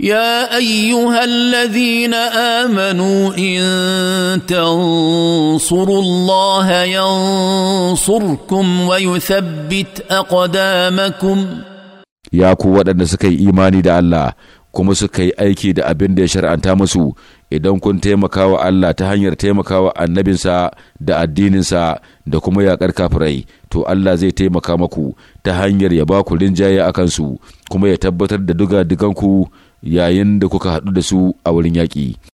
يا ايها الذين امنوا ان تنصروا الله ينصركم ويثبت اقدامكم يا قوه ان سكي ايماني ده الله kuma suka yi aiki da abin da ya shar'anta musu idan kun taimaka wa Allah ta hanyar taimaka wa annabinsa da addininsa da kuma yaƙar kafirai to Allah zai taimaka maku ta hanyar ya ba ku rinjaye a kansu kuma ya tabbatar da duga duganku yayin da kuka haɗu da su a wurin yaƙi.